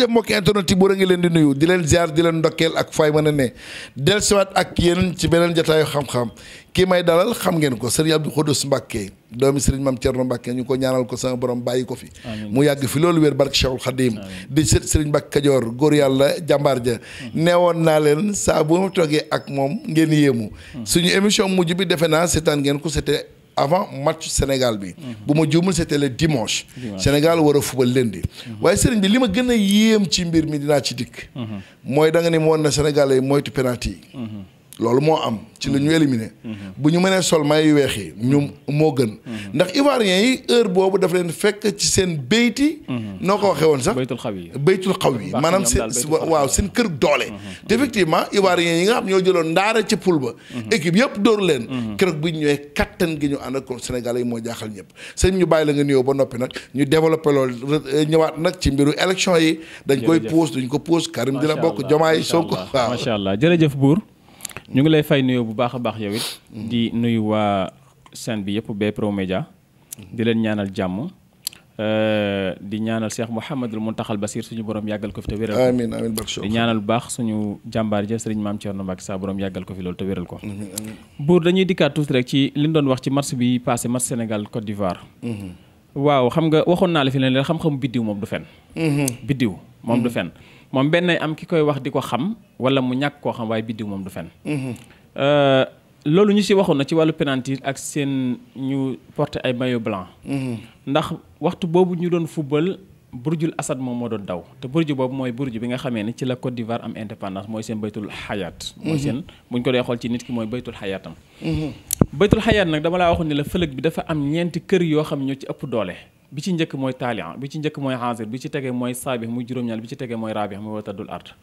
jërëjëf mbokki internet yi bu ngi leen di nuyu di leen ziar di leen ndokkeel ak fay mën a ne dellusiwaat ak yéen ci beneen jataayu xam-xam kii may dalal xam ngeen ko sëriñ Abdou Khoudous Mbacke doomi sëriñ Mame Thierno Mbacke ñu ko ñaanal ko sama borom bàyyi ko fi mu yàgg fi loolu wér barke Cheikhul Khadim di sët sëriñ Mbacke Kajoor góor yàlla jàmbaar ja neewoon naa leen saa bu ma toogee ak moom ngeen yéemu suñu émission mujj bi defe naa seetaan ngeen ko c'était avant match Sénégal bi. Mhm. bu ma juumul c'était le dimanche. Sénégal war a fubal lundi. Mhm. waaye sëriñ bi li ma gën a yéem ci mbir mi dinaa ci dikk. Mhm. mooy da nga ni mu na Sénégal yi moytu penalty yi. loolu moo am ci la ñu éliminé. bu ñu mënee sol may yu weex yi ñu moo gën. ndax ivoiriens yi heure boobu daf leen fekk ci seen béyti. noo ko waxee woon sax béytul xaw yi béytul xaw yi maanaam seen waaw seen kër doole. Mhm. te effectivement yi nga xam ñoo jëloon ndaara ci poule ba. Mhm. équipe yëpp dóor leen. Mhm. keroog bu ñu ñëwee kattan gi ñu ànd ak Sénégalais yi moo jaaxal ñëpp sëñ ñu bàyyi la nga nuyoo ba noppi nag ñu développé loolu ñëwaat nag ci mbiru élection yi. dañ koy pousse dañ ko pousse Karim dina bokk Jomaay Sonko waaw allah jërëjëf buur ñu ngi lay fay nuyoo bu baax a baax yow di nuyu waa seen bi yëpp Bprod Media. di leen ñaanal jàmm. Euh, di ñaanal Cheikh Mouhamadul taxal Basir suñu borom yàggal ko fi te wéral ko amiin amiin di ñaanal bu baax suñu jàmbaar ja sëriñ maam Thierno Mbacke saa boroom yàggal ko fi loolu te wéral ko. buur dañuy dikkaat tuuti rek ci li ñu doon wax ci match bi passé match Sénégal Côte d'Ivoire. Mhm. waaw xam nga waxoon naa la fi leen xam-xamu biddiw moom du mhm. biddiw moom du fen moom benn am ki koy wax di ko xam wala mu ñàkk koo xam waaye biddiw moom du fen mhm. euh, loolu ñu si waxoon na ci wàllu penalty ak seen ñu porter ay maillot blanc mhm. ndax waxtu boobu ñu doon football burjul asad moom moo doon daw te burju boobu mooy burju bi nga xamee ne ci la Côte d'Ivoire am indépendance mooy seen baytul xayaat mhm. mooy seen buñ ko dee xool ci nit ki mooy baytul xayaatam baytul xayaat nag dama laa waxoon ne la fëlëg bi dafa am ñeenti kër yoo xam ñoo ci ëpp doole bi ci njëkk mooy taalian bi ci njëkk mooy xaasir bi ci tegee mooy saabix muy juróom-ñaar bi ci tegee mooy raabix muy wataddul ard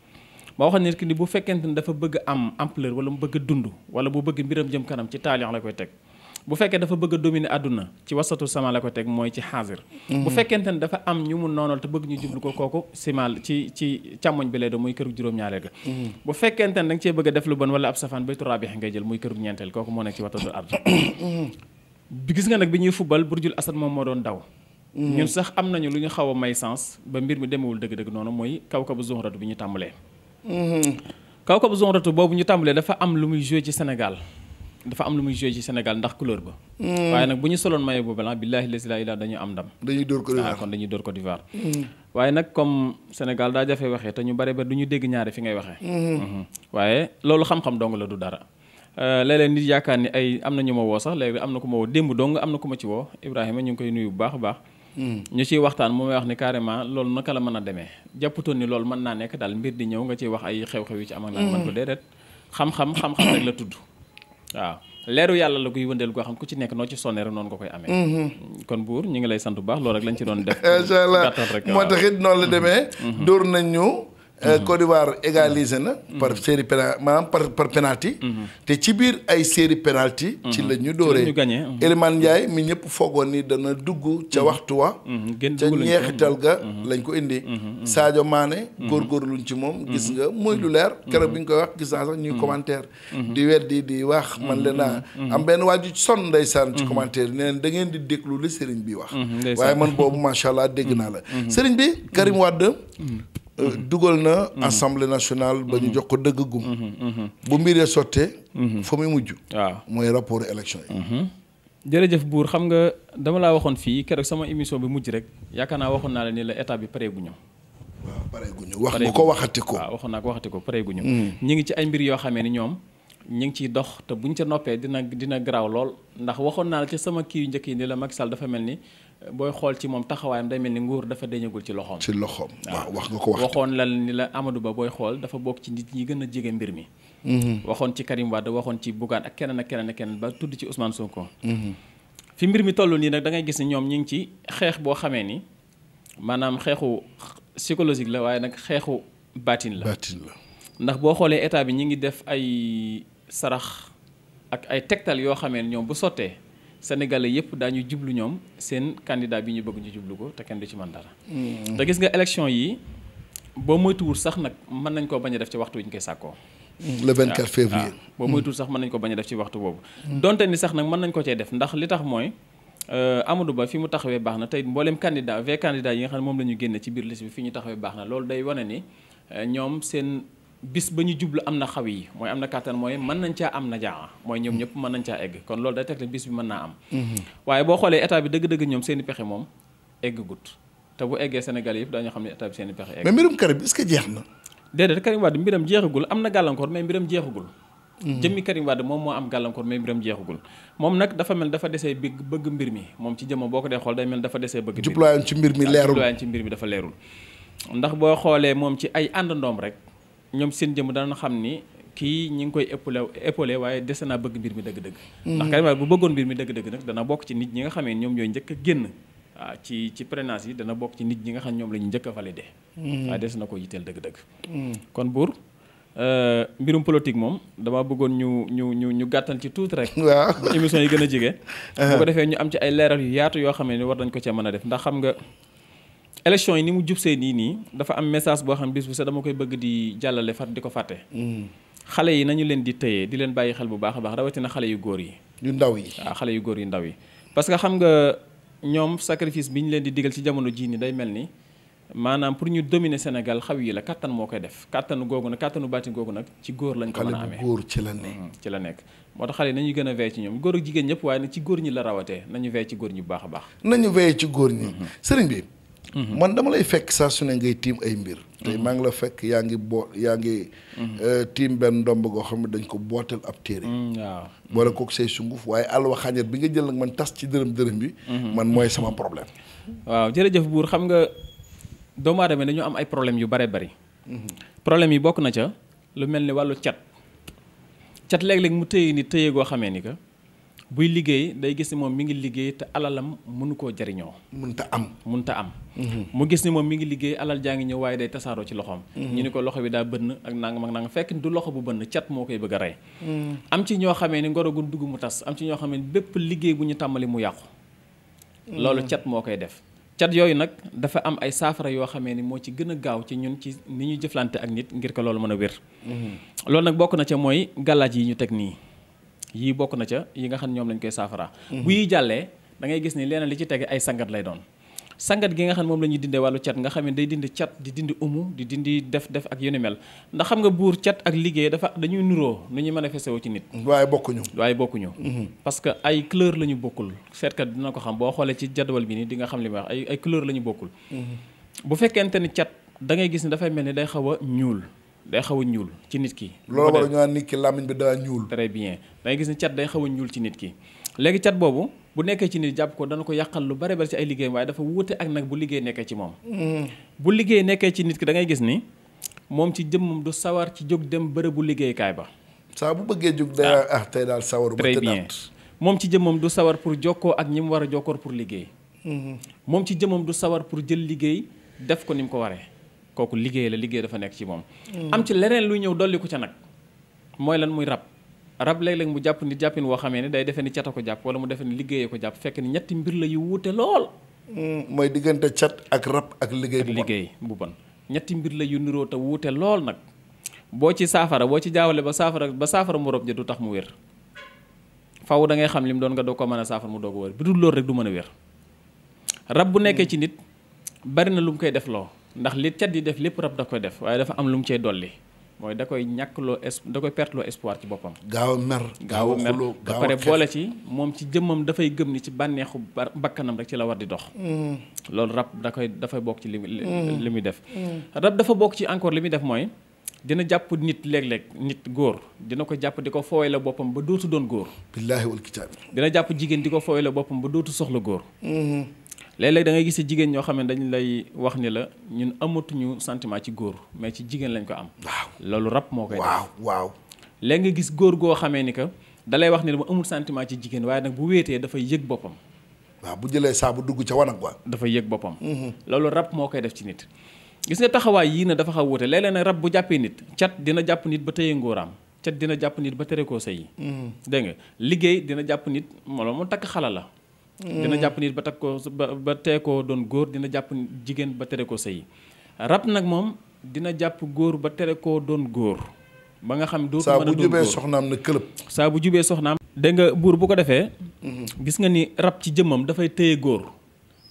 ba wax nit ki ni bu fekkente ni bëgg am ampleur wala mu bëgg a bu bëgg mbiram jëm kanam ci taalian la koy teg bu fekkee dafa bëgg a dominer àdduna ci wasatu sama la ko teg mooy ci xaasir mm-hmm. bu fekkente ne dafa am ñu mu noonal te bëgg ñu jublu ko kooku simal ci ci càmmoñ bi lay doon muy këru juróom-ñaareel mm-hmm. bu fekkente ne da nga cee bëgg def lu bon wala ab safaan baytu raabix ngay jël muy këru ñeenteel kooku moo nekk ci watadul ard mm-hmm. bi gis nga nag bi ñuy fubal burjul asad moom moo doon daw ñun sax am nañu lu ñu xaw a may sens ba mbir mi demewul dëgg-dëgg noonu mooy kawkabu zonratu bi ñu tàmbalee. kawkabu zonratu boobu ñu tàmbalee dafa am lu muy joué ci Sénégal dafa am lu muy joué ci Sénégal ndax couleur ba. Mm. waaye nag bu ñu soloon maillot bu blanc billaahi la ilaaha dañu am ndam. dañuy dóor Côte d'Ivoire ah, kon dañuy dóor Côte mm. waaye nag comme Sénégal daa jafe waxee te ñu bare ba du ñu dégg ñaari fi ngay waxee. Mm. Mm-hmm. waaye loolu xam-xam dong la du dara. Euh, léeg-léeg nit yaakaar ni ay am na ñu ma woo sax léegi am na ku ma woo démb dong am na ku ma ci woo Ibrahima ñu ngi koy nuyu bu baax baax ñu ciy waxtaan mu may wax ni carrément loolu naka la mën a demee jàpputoon ni loolu mën naa nekk daal mbir di ñëw nga ciy wax ay xew-xew yu ci am ak naan man ko mm. déedéet xam-xam xam-xam rek la tudd waaw leeru yàlla la koy wëndeel goo xam ku ci nekk noo ci sonné rek noonu nga koy amee mm-hmm. kon buur ñu ngi lay sant bu baax loolu rek lañ ci doon def incha allah moo taxit noonu la demee mm-hmm. dóor nañ ñu Euh, mhm. Côte d'Ivoire égalisé na. Mhm. par mhm. série pénal maanaam par par penalty. te ci biir ay série penalty. ci la ñu dooree ci ñu gagné. Eliman Ndiaye mi ñëpp foogoon ni dana dugg ca waxtu wa. ca ñeexital ga lañ ko indi. Sadio góor góorgóorluñ ci moom gis nga muy lu leer. keroog bi ñu koy wax gis naa sax ñuy commentaire. di weddi di wax man leen am benn waa ju sonn ndeysaan ci commentaire nee da ngeen di déglu li sëriñ bi wax. waaye man boobu macha allah dégg naa la. sëriñ bi Karim Wade. Euh, mm-hmm. dugal na. Mm-hmm. assemblée nationale ba ñu mm-hmm. jox ko dëgg gum. bu mbiree sottee. fa muy mujj. waaw ah. mooy rapport élection yi. jërëjëf buur xam nga dama laa waxoon fii keroog sama émission bi mujj rek yaakaar naa waxoon naa la ni la état bi pare gu ñëw. waaw pare gu ñëw wax nga ko waxati ko. waaw ah, waxoon naa ko waxati ko pare gu ñëw. ñu mm. ngi ci ay mbir yoo xamee ni ñoom. ñu ngi ciy dox te bu buñ ca noppee dina dina garaaw lool ndax waxoon naa la ci sama kii yu njëkk yi ni la Macky Sall dafa mel ni eh, booy xool ci moom taxawaayam day mel ni nguur dafa dañagul ci loxoom. ci loxoom waaw wax nga ko wax. waxoon la ni la Amadou Ba booy xool dafa bokk ci nit ñi gën a jege mbir mi. Mm-hmm. waxoon ci Karim Wade waxoon ci Bougane ak keneen ak keneen ak keneen ba tudd ci Ousmane Sonko. Mm-hmm. fi mbir mi toll nii nag da ngay gis ni ñoom ñu ngi ci xeex boo xamee ni maanaam xeexu psychologique la waaye nag xeexu baatin la. baatin la ndax bi ñu ngi def ay sarax ak ay tegtal yoo xamee ne ñoom bu sottee sénégalais yëpp daañu jublu ñoom seen candidat bi ñu bëgg ñu jublu ko te kenn du ci man dara. Hmm. te gis nga élection yi boo moytuwul sax nag mën nañ koo bañ def ci waxtu wi ñu koy sàkkoo. Hmm. le 24 février ah, boo moytuwul sax mën nañ ko bañ def ci waxtu boobu. Hmm. donte ni sax nag mën nañ ko cee def ndax li tax mooy. Euh, Amadou Ba fi mu taxawee baax na tey mbooleem candidat vingt candidats yi nga xam ne moom la ñu génne ci biir liste bi fi ñu taxawee baax na loolu day wane ni euh, ñoom seen bis ba ñu jublu am na xaw yi mooy am na kàttan mooy mën nañ caa am na jaa mooy ñoom ñëpp mën nañ caa egg kon loolu day teg leen bis bi mën naa am mm-hmm. waaye boo xoolee état bi dëgg-dëgg ñoom seen i pexe moom egg gut te bu eggee Sénégal yëpp dañoo xam ne état bi seen pexe egg mais mbirum Karim est-ce que jeex am na gàllankoor mais mbiram jeexagul mm-hmm. jëmmi Karim Wade moom moo am gàllankoor mais mbiram jeexagul moom nag dafa mel dafa desee bëgg bëgg mbir mi moom ci jëmm boo ko dee day mel dafa desee bëgg jubluwaayam ci mbir mi ah, leerul jubluwaayam ci mbir mi dafa leerul ndax boo xoolee moom ci ay àndandoom rek ñoom seen jëmm danañ xam ni kii ñi ngi koy épaulé épaulé waaye dese naa bëgg mbir mi dëgg-dëgg mm-hmm. ndax Karim Wade bu bëggoon mbir mi dëgg-dëgg nag dana bokk ci nit ñi nga xamee ñoom ñooy njëkk a génn ah, ci ci prénance yi dana bokk ci nit ñi nga xam ñoom lañu ñu njëkk a validé waaye mm-hmm. ah, des na ko yitteel dëgg-dëgg mm-hmm. kon buur euh, mbirum politique moom dama bëggoon ñu ñu ñu ñu gàttal ci tuuti rek waaw émission yi gën a jige bu ko defee ñu am ci ay leeral yu yaatu yoo xam ne ni war nañ ko cee mën a def ndax xam nga élection yi ni mu jub see nii nii dafa am message boo xam bis bu sax dama koy bëgg di jàllale fat di ko fàtte. Hmm. xale yi nañu leen di tëyee di leen bàyyi xel bu baax a baax rawatina xale yu góor yi. yu ndaw yi xale yu góor yu ndaw yi. parce que xam nga ñoom sacrifice bi ñu leen di digal ci jamono jii nii day mel ni maanaam pour ñu dominer Sénégal xaw yi la kattan moo koy def kattanu googu nag kattanu baati googu nag ci góor lañ ko mën a amee xale bu hmm, ci la nekk. moo tax xale yi nañu gën a veillé ci ñoom góor ak jigéen ñëpp waaye nag ci góor ñi la rawatee nañu veillé ci góor ñi bu baax a baax. nañu veillé ci góor ñi hmm, sëriñ bi Mhm. man dama lay fekk saa su ne ngay tiim ay mbir. tey mhm. maa ngi la fekk yaa ngi boo yaa ngi. Mhm. Euh, tiim benn ndomb goo xam ne dañ ko booteel ab téere. Mm, waaw boole kook say sunguf waaye àll waxaañar bi nga jël nag man tas ci dërëm dërëm bi. man mooy sama problème. waaw jërëjëf buur xam nga doomu aadama dañu am ay problème yu bare bari. problème yi bokk na ca lu mel ni wàllu cat. cat léeg-léeg mu téye ni téye goo xamee ni ka buy liggéey day gis ni moom mi ngi liggéey te alalam mënu koo jariñoo munta am munta am mhm. mu gis ni moom mi ngi liggéey alal jaa ngi ñëw waaye day tasaaroo ci loxoom mhm. ñu ni ko loxo bi daa bënn ak nangam ak nangam fekk du loxo bu bënn cat moo koy bëgg a rey mhm. am ci ñoo xamee ni ngoro gu dugg mu tas am ci ñoo xamee ni bépp liggéey bu ñu tàmbali mu yàqu loolu cat moo koy def cat yooyu nag dafa am ay saafara yoo xamee ni moo ci gën a gaaw ci ñun ci ni ñuy jëflante ak nit ngir ko loolu mën a wér loolu nag bokk na ca mooy gàllaaj yi ñu teg nii yii bokk na ca yi nga xam ne ñoom lañ koy saafara mhm. bu yi jàllee da gis ni leneen li ci tege ay sangat lay doon sangat gi nga xam ne moom la ñuy dindee wàllu cat nga xam ne day dindi cat di dindi di dindi def def ak yu mel ndax xam nga buur cat ak liggéey dafa dañuy nuroo nu ñuy manifesté wu ci nit waaye bokkuñu waaye bokkuñu mhm. parce que ay couleur la ñu bokkul seetkat dina ko xam boo xoolee ci jadwal bi ni di nga xam li may wax ay ay couleur la ñu bokkul mhm. bu fekkente ni cat da ngay gis ni dafay mel ni day xaw a ñuul day xaw a ñuul ci nit ki. loolu war ñu nit ki làmmiñ bi daa ñuul. très bien da gis ni cat day xawu ñuul ci nit ki léegi cat boobu bu nekkee ci nit jàpp ko dana ko yàqal lu bare bare ci ay liggéey waaye dafa wuute ak nag bu liggéey nekkee ci moom. Hmm. bu liggéey nekkee ci nit ki dangay gis ni moom ci jëmmam du sawar ci jóg dem bërëbu liggéeykaay ba. saa bu bëggee jóg day ah, ah daal sawaru. ba très moom ci jëmmam du sawar pour jokkoo ak ñi mu war a jokkoor pour liggéey. Hmm. moom ci jëmmam du sawar pour jël liggéey def ko ni mu ko waree kooku liggéey la liggéey dafa nekk ci moom. Mm. am ci leneen luy ñëw dolli ko ca nag mooy lan muy rab. rab léeg-léeg mu jàpp nit jàppin woo xamee ni day defe ni cat ko jàpp wala mu ko jàpp fekk ni ñetti mbir la yu lool. Mm, mooy diggante cat ak rab ak liggéey bu bon liggéey bu bon ñetti mbir la yu niroo te wuute lool nag boo ci saafara boo ci jaawale ba saafara ba saafara mu ja du tax mu wér faw da ngay xam mu doon nga doo ko mën a saafara mu doog a wér bi dul loolu rek du mën a wér rab bu nekkee mm. ci nit bari na lu mu koy def loo ndax li cat di def lépp rab da koy def waaye dafa am lu mu cee dolli mooy da koy ñàkkloo es da koy perteloo espoir ci boppam. gaaw a mer gaaw a mer ba pare boole ci moom ci jëmmam dafay gëm ni ci bànneexu bakkanam rek ci la war di dox. Mm-hmm. loolu rab da koy dafay bokk ci li li mm-hmm. muy def. Mm-hmm. rab dafa bokk ci encore li muy def mooy dina jàpp nit léeg-léeg nit góor dina ko jàpp di ko fooy la boppam ba dootu doon góor. billaahi wal kitaab. dina jàpp jigéen di ko fooy la boppam ba dootu soxla góor. léeg-léeg da ngay gis jigéen ñoo xam ne dañu lay wax ni la ñun amatuñu sentiment ci góor mais ci jigéen lañ ko am. loolu rab moo koy. waaw waaw léegi nga gis góor goo xamee ni que da wax ni la mu amul sentiment ci jigéen waaye nag bu wéetee dafay yëg boppam. waaw bu jëlee saa dugg ca wanag wa. dafay yëg boppam. Mm-hmm. loolu rab moo koy def ci nit. gis nga taxawaay yii na dafa xaw wuute léeg-léeg nag rab bu jàppee nit cat dina jàpp nit ba tëye ngóoraam cat dina jàpp nit ba tere koo sëy. Mm-hmm. dégg nga liggéey dina jàpp nit moom mu takk xala la dina eh. jàpp nit ba takk ko ba ba tee koo doon góor dina jàpp jigéen ba tere koo sëy rab nag moom dina jàpp góor ba tere koo doon góor ba nga xam dootu mën doon góor saa bu jubee soxnaam na këlëb saa bu jubee soxnaam dégg buur bu ko defee mm-hmm. gis nga ni rab ci jëmmam dafay téye góor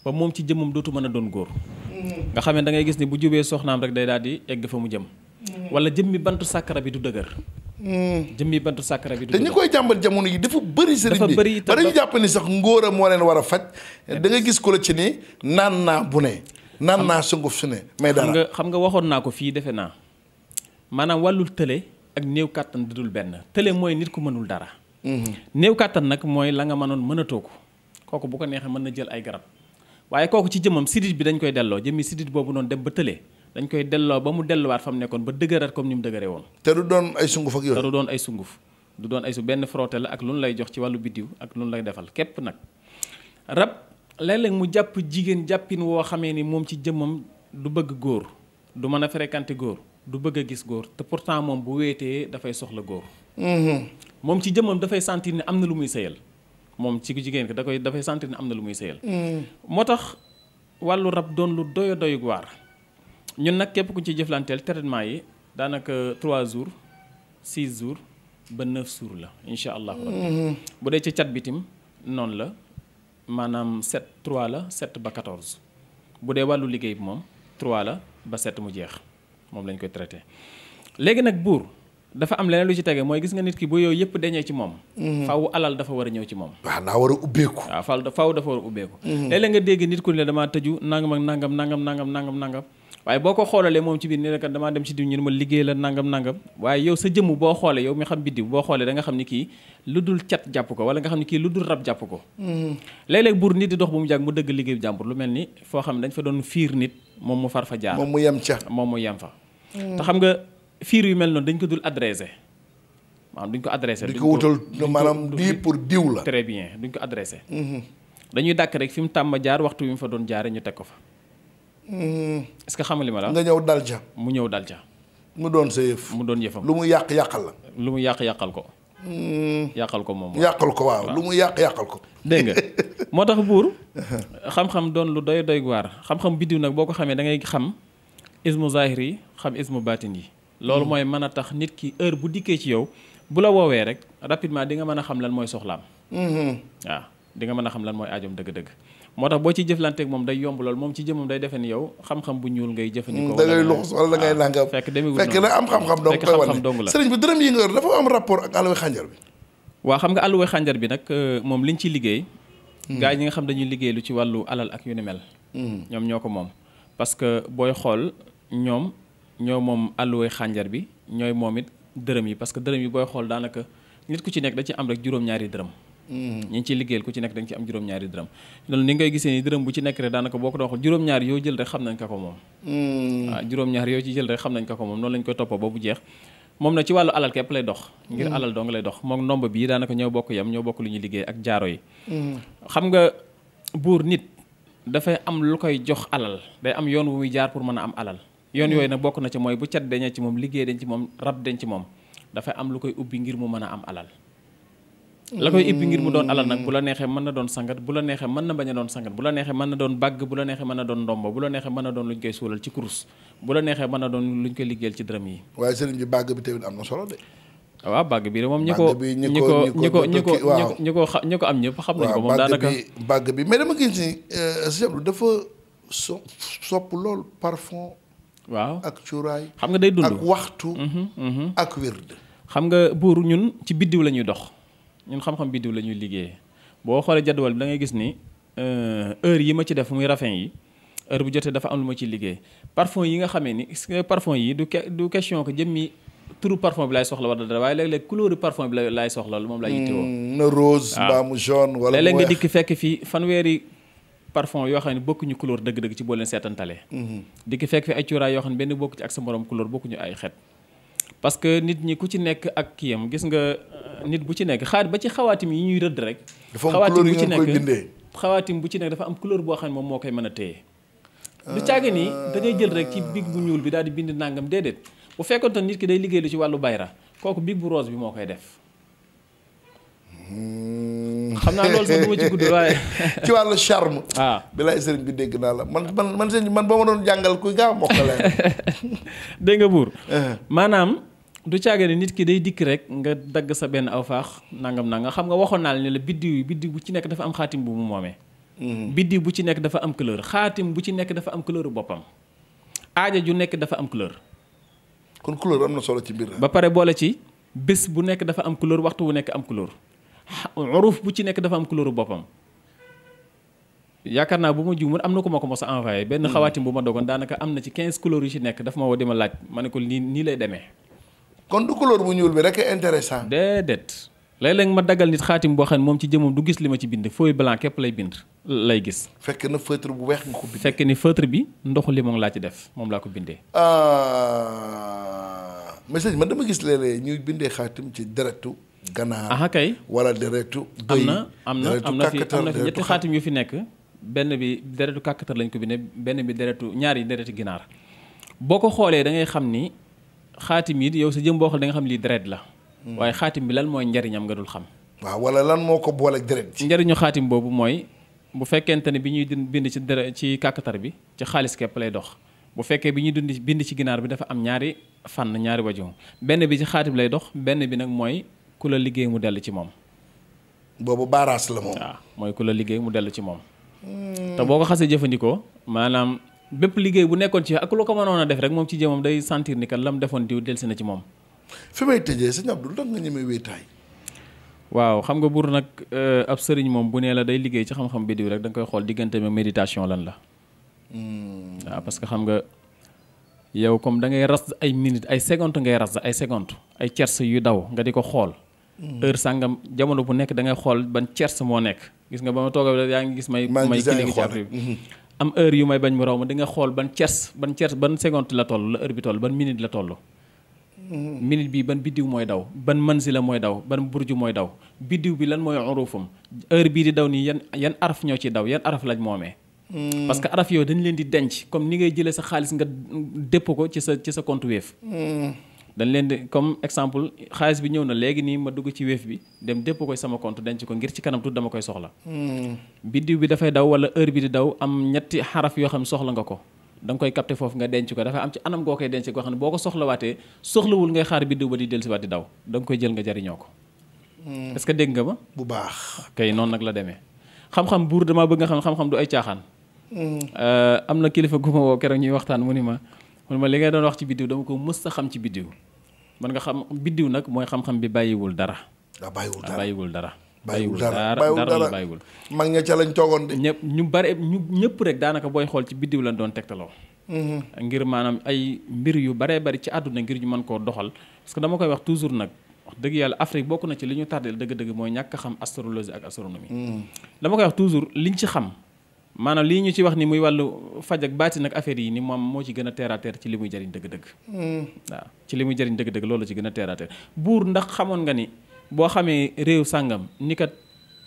ba moom ci jëmmam dootu mën a doon góor mm-hmm. nga xam dangay gis ni bu jubee soxnaam rek day daal di egg fa mu jëm mm-hmm. wala jëm mi bantu sàkkara bi du dëgër jëmmi bantu sàkkara bi. te ñi koy jàmbat jamono yi dafa bëri sëriñ bi dafa bëri itam dañu jàpp ni sax ngóora moo leen war a faj. da nga gis ko la ci ni naan naa bu ne. naan naa sunguf su ne may dara. xam nga xam nga waxoon naa ko fii defe naa maanaam wàllul tële ak néew kàttan dudul benn tële mooy nit ku mënul dara. Mhm. néew kàttan nag mooy la nga mënoon mënatoo ko kooku bu ko neexee mën na jël ay garab waaye kooku ci jëmam sidit bi dañ koy delloo jëmmi sidit boobu noonu dem ba tële dañ koy delloo ba mu delluwaat fa mu nekkoon ba dëgëraat comme ni mu dëgëree woon. te du doon ay sunguf ak yooyu. te du doon ay sunguf du doon ay su benn frotté la ak lu nu lay jox ci wàllu biddiw ak lu lay defal képp nag rab mu jàpp jigéen jàppin woo xamee ni moom ci jëmmam du bëgg góor du mën a fréquenté góor du bëgg a gis góor te pourtant moom bu wéetee dafay soxla góor. Mm-hmm. moom ci jëmmam dafay sentir ne am na lu muy sëyal moom ci jigéen ki da koy dafay sentir ne am na lu muy sëyal. Mm. moo tax wàllu rab doon lu doyo doyu ñun nag képp ku ci jëflanteel traitement yi daanaka 3 jours 6 jours ba 9 jours la incha allah. Mm-hmm. bu dee ci cat bitim noonu la maanaam set 3 la 7 ba 14 bu dee wàllu liggéey bi moom 3 la ba 7 mu jeex moom lañ koy traité léegi nag buur. dafa am leneen lu ci tege mooy gis nga nit ki bu yooyu yëpp dañee ci moom. Mm-hmm. faaw alal dafa war a ñëw ci moom. waaw naa war a ubbeeku. waaw faaw dafa war a ubbeeku. Mm-hmm. léeg nga dégg nit ku ne la damaa tëju nangam ak nangam nangam nangam nangam nangam waaye boo ko xoolalee moom ci biir ne kat damaa dem ci diw ñu ne ma liggéey la nangam nangam waaye yow sa jëmm boo xoolee yow mi xam biddiw boo xoolee da xam ni kii lu dul cat jàpp ko wala nga xam ni kii lu dul rab jàpp ko mm-hmm. léeg-léeg buur nit di dox bu mu jàgg mu dëgg liggéey jàmbur lu mel ni foo xam ne dañ fa doon fiir nit moom mu far fa jaar moom mu yem ca moom mu yem fa mm-hmm. te xam nga fiir yu mel noonu dañ ko dul adressé maanaam duñ ko adressé duñ ko wutal maanaam bii pour diw la très bien duñ ko adressé mm-hmm. dañuy dàkk rek fi mu tàmm jaar waxtu wi mu fa doon jaare ñu teg ko fa Hmm. est-ce que xam nga li ma la. nga ñëw dal ca. mu ñëw dal ca. mu doon sa yëf. mu doon yëfam lu mu yàq yàqal la. lu mu yàq yàqal ko. Hmm. yàqal ko moom yàqal ko waaw lu mu yàq yàqal ko. dégg nga moo tax buur uh-huh. xam-xam doon lu doy doy waar xam-xam biddiw nag boo ko xamee da ngay xam ismu zahir yi xam ismu baatin yi. loolu hmm. mooy mën a tax nit ki heure bu dikkee ci yow bu la woowee rek rapidement di nga mën a xam lan mooy soxlaam. waaw di nga mën a xam lan mooy aajoom dëgg-dëgg. moo tax boo ci jëflanteeg moom day yomb lool moom ci jëmam day defe ni yow xam-xam bu ñuul ngay jëfandikoo mm, da ngay luxus wala da ngay ah, nangam fekk demewul fekk am xam-xam donc koy wane dong la sëriñ bi dërëm yi nga yor dafa am rapport ak alluwa xànjar bi waaw xam nga alluwa xànjar bi nag euh, moom liñ ci liggéey mm. gaa yi nga xam dañuy liggéey lu ci wàllu alal ak yu ni mel mm. ñoom ñoo ko moom parce que booy xool ñoom ñoo moom alluwa xànjar bi ñooy moom it dërëm yi parce que dërëm yi booy xool daanaka nit ku ci nekk da ci am rek juróom-ñaari dërëm Mm-hmm. ñi ci liggéeyal ku ci nekk da ci am juróom-ñaari dërëm loolu ni ngay gisee ni dërëm bu ci nekk rek daanaka boo ko doon xool juróom-ñaar yoo jël ko moom waaw mm-hmm. ah, juróom-ñaar yow ci jël rek xam nañ ko ko moom noonu lañ koy toppa ba bu jeex moom na ci wàllu alal képp lay dox ngir mm-hmm. alal dong lay dox moom ndomb bii daanaka ñoo bokk yam ñoo bokk lu ñuy liggéey ak jaaro yi xam nga buur nit dafay am lu koy jox alal day am yoon wu muy jaar pour mën a am alal yoon yooyu nag bokk na ci mooy bu cat dañee ci moom liggéey dañ ci moom rab dañ ci moom dafay am lu koy ubbi ngir mu mën a am alal la koy ëpp ngir mu doon alal nag bu la hmm. neexee mën na doon sangat bu la neexee mën na bañ a doon sangat bu la neexee mën na doon bàgg bu la neexee mën na doon ndomba bu la neexee mën na doon luñ koy suulal ci kurus bu la neexee mën na doon luñ koy liggéeyal ci dërëm yi. waaye sëriñ bi bàgg bi tamit am na solo de. waaw bàgg bi de moom ñi ko ñi ko ñi ko ñi ko ñi ko ñi ko am ñëpp xam nañ ko moom daanaka. bàgg bi mais dama gis ni euh, sëriñ dafa so sopp lool parfum. waaw ak cuuraay. xam nga day dund ak waxtu. Mhm, mhm. ak wérd. xam nga buur ñun ci biddiw la ñuy dox ñun xam-xam biddiw la ñuy boo xoolee jadwal bi da ngay gis ni euh, heure yi ma ci def muy rafin yi heure bu jotee dafa am lu ma ciy liggéey parfum yi nga xamee ni parfum yi du du question que jëmmi turu parfum bi laay soxla wala dara waaye léeg-léeg couleur parfum bi laay soxla lu moom laay yittewoo. Hmm, na rose ah. mbaa mu jaune wala léeg-léeg nga dikk fekk fii fanweeri parfum yoo xam ne bokkuñu couleur dëgg-dëgg ci boo leen seetantalee. Hmm. dikk fekk fi ay cuuraay yoo xam ne benn bokku ci nit bu ci nekk xaar ba ci xawaatim yi ñuy rëdd rek. xawaatim bu ci nekk xawaatim bu ci nekk dafa am couleur boo xam ne moom moo koy mën a téye. lu euh, caage nii da jël rek ci big bu ñuul bi daal di bind nangam déedéet bu fekkoon nit ki day liggéey lu ci wàllu bayra kooku big bu rose bi moo koy def. Hmm. xam naa loolu sax du ma ci gudd waaye. ci wàllu charme. waaw ah. bilaay sëriñ bi dégg naa la man man man sëriñ man boo ma doon jàngal kuy gaaw mokk la. dégg nga buur eh. maanaam. du caage ne nit ki day dikk rek nga dagg sa benn aw faax nangam nangam xam nga waxoon naa la ne la biddiw yi biddiw bu ci nekk dafa am xaatim bu mu moomee. Mm-hmm. biddiw bu ci nekk dafa am couleur xaatim bu ci nekk dafa am couleur boppam. aaja ju nekk dafa am couleur. kon couleur am na solo ci mbir ba pare boole ci bés bu nekk dafa am couleur waxtu wu nekk am couleur uruf bu ci nekk dafa am couleur boppam. yaakaar naa bu ma juumul am na ko ma ko mos a envoyé mm-hmm. benn xawaatim bu ma dogoon daanaka am na ci 15 couleurs yu ci nekk dafa ma woo ma laaj ma ne ko nii nii lay demee. kon du couleur bu ñuul bi rek intéressant déedéet léeg-léeg ma daggal nit xaatim boo xam ne moom ci jëmam du gis li ma ci bind feuille blanc képp lay bind lay gis. fekk na feutre bu weex nga ko bind. fekk ni feutre bi ndoxu limon laa ci def moom laa ko bindee. Ah, message man dama gis léeg-léeg ñuy bindee xaatim ci deretu ganaar. ah wala deretu. am na am na am na fi ñetti xaatim yu fi nekk. benn bi deretu kàkkatar lañ ko bindee benn bi deretu ñaari dereti ginaar boo ko xoolee da xam ni. xaatim yi yow sa jëm boo xam da nga xam lii deret la waaye xaatim bi lan mooy njariñam nga dul xam waaw wala lan moo ko boole deret ci njariñu xaatim boobu mooy bu fekkente ne bi ñuy bind ci deret ci kàkkatar bi ci xaalis képp lay dox bu fekkee bi ñuy dund bind ci ginaar bi dafa am ñaari fànn ñaari wajo benn bi ci xaatim lay dox benn bi nag mooy ku la liggéey mu dellu ci moom boobu baaraas la moom mooy ku la liggéey mu dellu ci moom te boo ko xasee jëfandikoo maanaam bépp liggéey bu nekkoon ci ak lu ko manoon a def rek moom ci jëmmam day sentir ni kan lam defoon diw delsi na ci moom. fi may tëjee sëñ Abdou ndax nga ñemee wéetaay. waaw xam nga buur nag euh, ab sëriñ moom bu nee la day liggéey ci xam bi diw rek da koy xool diggante ma lan la. Hmm. que xam nga yow comme da ngay ras ay minutes ay secondes ngay ras ay secondes ay cerce yu daw nga di ko xool. Hmm. heure sàngam jamono bu nekk da ngay xool ban cerce moo nekk gis nga ba ma toog yaa ngi gis may. may ngi gis am heure yu may bañ mu raw ma di nga xool ban tiers ban tiers ban seconde la toll la heure bi toll ban minute la toll. minute bi ban biddiw mooy daw ban manzila mooy daw ban burju mooy daw biddiw bi lan mooy urufam heure bii di daw nii yan yan araf ñoo ci daw yan araf lañ moomee. Hmm. parce que araf yooyu dañ leen di denc comme ni ngay jëlee sa xaalis nga dépp ko ci sa ci sa compte Wave. Hmm. dañ leen comme exemple xaalis bi ñëw na léegi nii ma dugg ci weef bi dem dépp koy sama compte denc ko ngir ci kanam dama koy soxla hmm. biddiw bi dafay daw wala heure bi di daw am ñetti xaraf yoo xam soxla nga ko da koy capté foofu nga denc ko dafay am ci anam goo koy denc ko xam ne boo ko soxlawaatee soxlawul ngay xaar biddiw ba di dellusiwaat di daw da koy jël nga jariñoo ko hmm. est que dégg nga ma bu baax kay noonu nag la demee xam-xam buur damaa bëgg nga xam xam-xam du ay caaxaan hmm. euh, am na kilifa gu ma woo keroog ñuy waxtaan mu ni ma mun ma li ngay doon wax ci biddiw dama ko mës a xam ci biddiw man nga xam biddiw nag mooy xam-xam bi bàyyiwul dara. waaw bàyyiwul dara bàyyiwul dara. bàyyiwul dara bàyyiwul dara bàyyiwul. mag ña ca lañ toogoon de. ñëpp ñu bare ñu ñëpp rek daanaka booy xool ci biddiw lañ doon tegtaloo. Mm-hmm. ngir maanaam ay mbir yu baree bari ci àdduna ngir ñu mën koo doxal parce que dama koy wax toujours nag wax dëgg yàlla Afrique bokk na ci li ñu tardeel dëgg-dëgg mooy ñàkk xam astrologie ak astronomie. Mm-hmm. dama koy wax toujours liñ ci xam maanaam lii ñu ci wax ni muy wàllu faj ak baati nag affaire yi ni moom moo ci gën a teer a ci li muy jëriñ dëgg-dëgg. Hmm. waaw ci li muy jëriñ dëgg-dëgg loolu ci gën a teer buur ndax xamoon nga ni boo xamee réew sàngam ni kat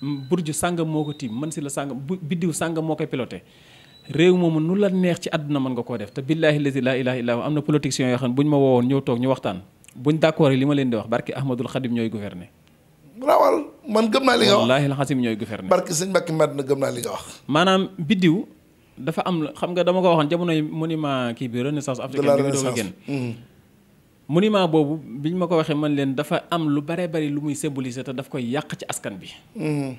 burju sàngam moo ko tiim mën si la sàngam bu biddiw sàngam moo koy piloté. réew moomu nu la neex ci àdduna mën nga koo def te billaahi lazi laa ilaaha illaa am na politiciens yoo xam ne bu ñu ma woowoon ñëw toog ñu waxtaan buñ d'accord ñooy gouverner rawal man gëm naa li nga wax wallaahi alxasim ñooy gouverner barki sëñ Mbacke na gëm naa li nga wax maanaam biddiw dafa am xam nga dama ko waxoon jamonoy monument kii bi renaissance africaine bi doog a génn hmm. monument boobu biñ ma ko waxee man leen dafa am lu bare bari lu muy symboliser te daf koy yàq ci askan bi hmm.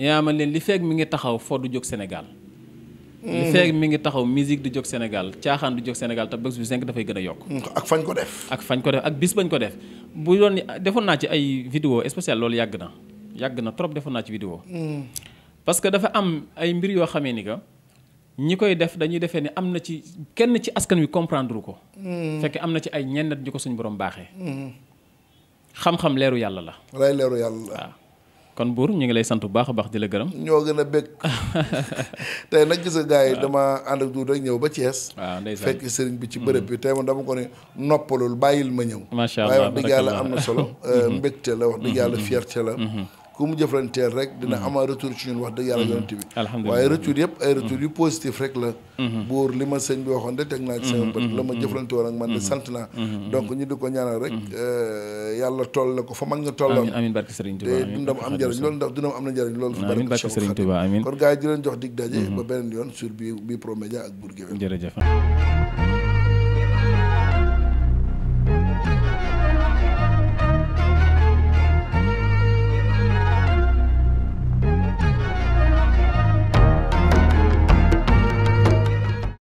yaa man leen li feeg mu ngi taxaw foo du jóg Sénégal li mhm. feeg mi ngi taxaw musique du jóg Sénégal caaxaan du jóg Sénégal te bés bu cinq dafay gën a yokk. Mm, ak fañ ko def. ak fañ ko def ak bis bañ ko def bu doon defoon naa ci ay vidéo spéciale loolu yàgg na yàgg na trop defoon naa ci vidéo mm. parce que dafa am ay mbir yoo xamee ni que ñi koy def dañuy defee ni am na ci kenn ci askan wi comprendre ko. Mm. fekk am na ci ay ñenn ñu ko suñu borom baaxee. xam-xam leeru yàlla la. walaay leeru yàlla la kon buur ñu ngi lay sant bu baax a baax di la gërëm. ñoo gën a bëgg tey nag gis yi dama ànd ak duud rek ñëw ba Thiès. waaw ndeysaan fekk sëriñ bi ci mm. bërëb bi tey man dama ko ne noppalul bàyyil ma ñëw. macha allah waaye wax dëgg yàlla am na solo. Mm-hmm. mbégte la wax dëgg yàlla mm-hmm. fierté la. Mm-hmm. ku mu jëflanteel rek dina mm-hmm. amal retour ci ñun wax dëgg yàlla mm-hmm. yonent bi waaye retour yëpp ay retour yu mm-hmm. positif rek la buur li ma sëñ bi waxoon de teg naa ci sama bët la ma jëflante woon ak man de sant naa donc ñu di ko ñaanal rek euh, yàlla toll la ko fa mag nga tolloon amiin barke Serigne Touba te dundam am njëriñ loolu ndax dundam am na njëriñ loolu amiin barke Serigne Touba amiin kon gars yi di leen jox dig daje ba beneen yoon sur bi bi Promedia ak Bour Gueweul